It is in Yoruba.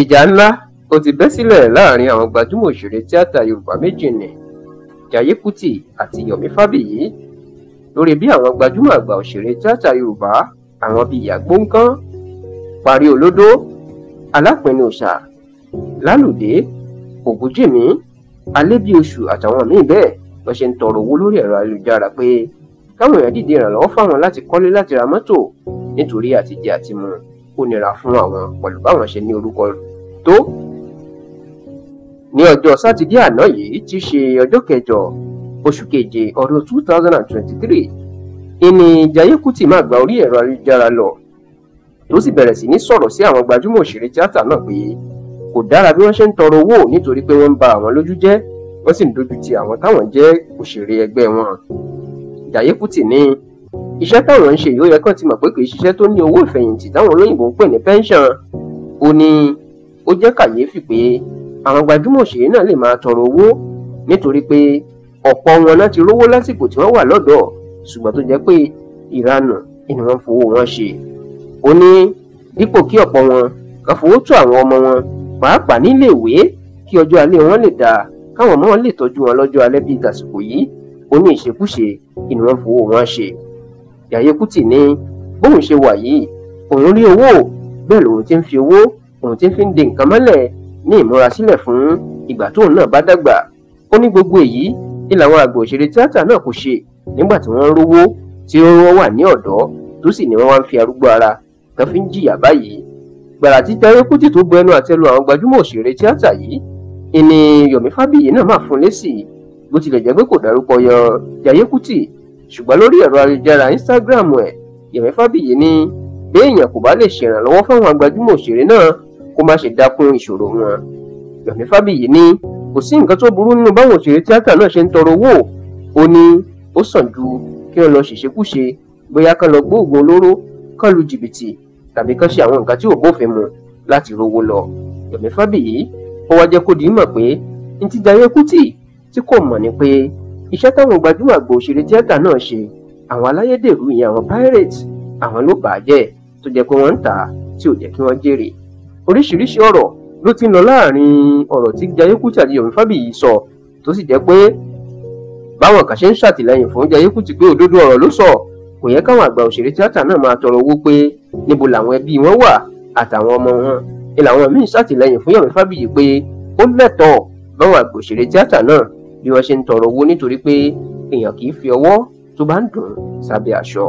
ìjà ńlá ó ti bẹ́ sílẹ̀ láàrin àwọn gbajúmọ̀ òṣèré tíátà yorùbá méjì ni Jayé Kútì àti Yomi Fábíyì lórí bí àwọn gbajúmọ̀ àgbà òṣèré tíátà yorùbá àwọn bíi Ìyá Gbóǹkan Parí Olódó Alápinni Òòṣà Lálùdé Ògúnjìmí Alébíoṣù àtàwọn míì bẹ́ẹ̀ ló ṣe ń tọrọ owó lórí ẹ̀rọ ayélujára pé káwọn èèyàn dìde ìrànlọ́wọ́ fáwọn láti kọ́lé láti ra mọ́tò nítorí àtijẹ àtimu ó nira fún àwọn pẹ̀lú báwọn ṣe ní orúkọ tó ní ọjọ́ sátidé àná yìí ti ṣe ọjọ́ kẹjọ oṣù keje ọdún two thousand and twenty-three ìní Jayé Kútì máa gba orí ẹ̀rọ ayélujára lọ tó sì bẹ̀rẹ̀ sí ní sọ̀rọ̀ sí àwọn gbajúmọ̀ òṣèré tíátà náà pé kò dára bí wọ́n ṣe ń tọrọ owó nítorí pé wọ́n ń ba àwọn lójú jẹ́ wọ́n sì ń dojú ti àwọn táwọn jẹ́ òṣèré ẹgbẹ́ wọn Jayé Kútì ní iṣẹ́ táwọn ń ṣe yóò yẹ kán ti mọ̀ pé kì í ṣiṣẹ́ tó ní owó ìfẹ̀yìntì táwọn olóyìnbó ń pè ní pension ó ní ó jẹ́ kàyéfì pé àwọn gbajúmọ̀ òṣèré náà lè máa tọrọ owó nítorí pé ọ̀pọ̀ wọn láti rówó lásìkò tí wọ́n wà lọ́dọ̀ ṣùgbọ́n tó jẹ́ pé ìranù ni wọ́n fowó wọn ṣe ó ní dípò kí ọ̀pọ̀ wọn kàn fowó tó àwọn ọmọ wọn pàápàá nílé ìwé kí ọjọ́ alẹ́ wọn lè dáa káwọn ọmọ wọn lè tọ́jú wọn lọ́jọ́ alẹ́ bíi tàsìkò yìí ó ní ìṣekúṣe ni wọ́n fowó wọn ṣe Yàyé Kútì ní bóun ṣe wà yìí òun rí owó bẹ́ẹ̀ lòun ti ń fi owó òun ti fi ń de nǹkan mọ́lẹ̀ ní ìmúrasílẹ̀ fún ìgbà tóun náà bá dàgbà ó ní gbogbo èyí ni làwọn àgbà òṣèré tíátà náà kò ṣe nígbà tí wọ́n ń rówó tí wọ́n wà ní ọ̀dọ́ tó sì ní wọ́n wá ń fi arúgbó ara kan fi ń jìyà báyìí gbàrà tí Táyé Kútì tó bọ ẹnu àtẹ́lu àwọn gbajúmọ̀ òṣèré tíátà yìí ìní Yomi Fábíyì náà máa fún lésì bó tilẹ̀ jẹ́ pé kò dárúkọ yọ Táyé Kútì ṣùgbọ́n lórí ẹ̀rọ ayélujára Instagram ẹ̀ Yomi Fábíyì ní béèyàn kò bá lè ṣèrànlọ́wọ́ fáwọn gbajúmọ̀ òṣèré náà kó má ṣe dákún ìṣòro wọn. Yomi Fabiyi ní kò sí nǹkan tó burú nínú báwọn òṣèré tíátà náà ṣe ń tọrọ owó ó ní ó sàn ju kí wọ́n lọ ṣèṣekúṣe bóyá kán lọ gbóògùn olóró kán lu jìbìtì tàbí kán ṣe àwọn nǹkan tí ò bófin mu láti rówó lọ. Yomi Fabiyi ó wá jẹ́ kó di mọ̀ pé ní ti Jayé Kútì tí kò mọ̀ ni pé iṣẹ́ táwọn gbajúmọ̀ àgbà òṣèré tíátà náà ṣe àwọn aláyédèrú ìyẹn àwọn pirates àwọn ló bàá jẹ́ tó jẹ́ pé wọ́n ń tà á tí ò jẹ́ kí wọ́n jèrè oríṣiríṣi ọ̀rọ̀ ló ti ń lọ láàrin ọ̀rọ̀ tí Jayé Kútì àti Yomi Fabiyi sọ tó sì jẹ́ pé báwọn kan ṣe ń ṣàtìlẹ́yìn fún Jayé Kútì pé òdodo ọ̀rọ̀ ló sọ kò yẹ káwọn àgbà òṣèré tíátà náà máa tọrọ owó pé níbo làwọn ẹbí wọn wà àtàwọn ọmọ wọn ni làwọn míín ṣàtìlẹ́yìn fún Yomi Fabiyi pé ó lẹ́tọ̀ọ́ báwọn àgbà òṣèré tíátà náà bí wọ́n ṣe ń tọrọ owó nítorí pé èèyàn kì í fi ọwọ́ tó bá ń dùn sábẹ́ aṣọ.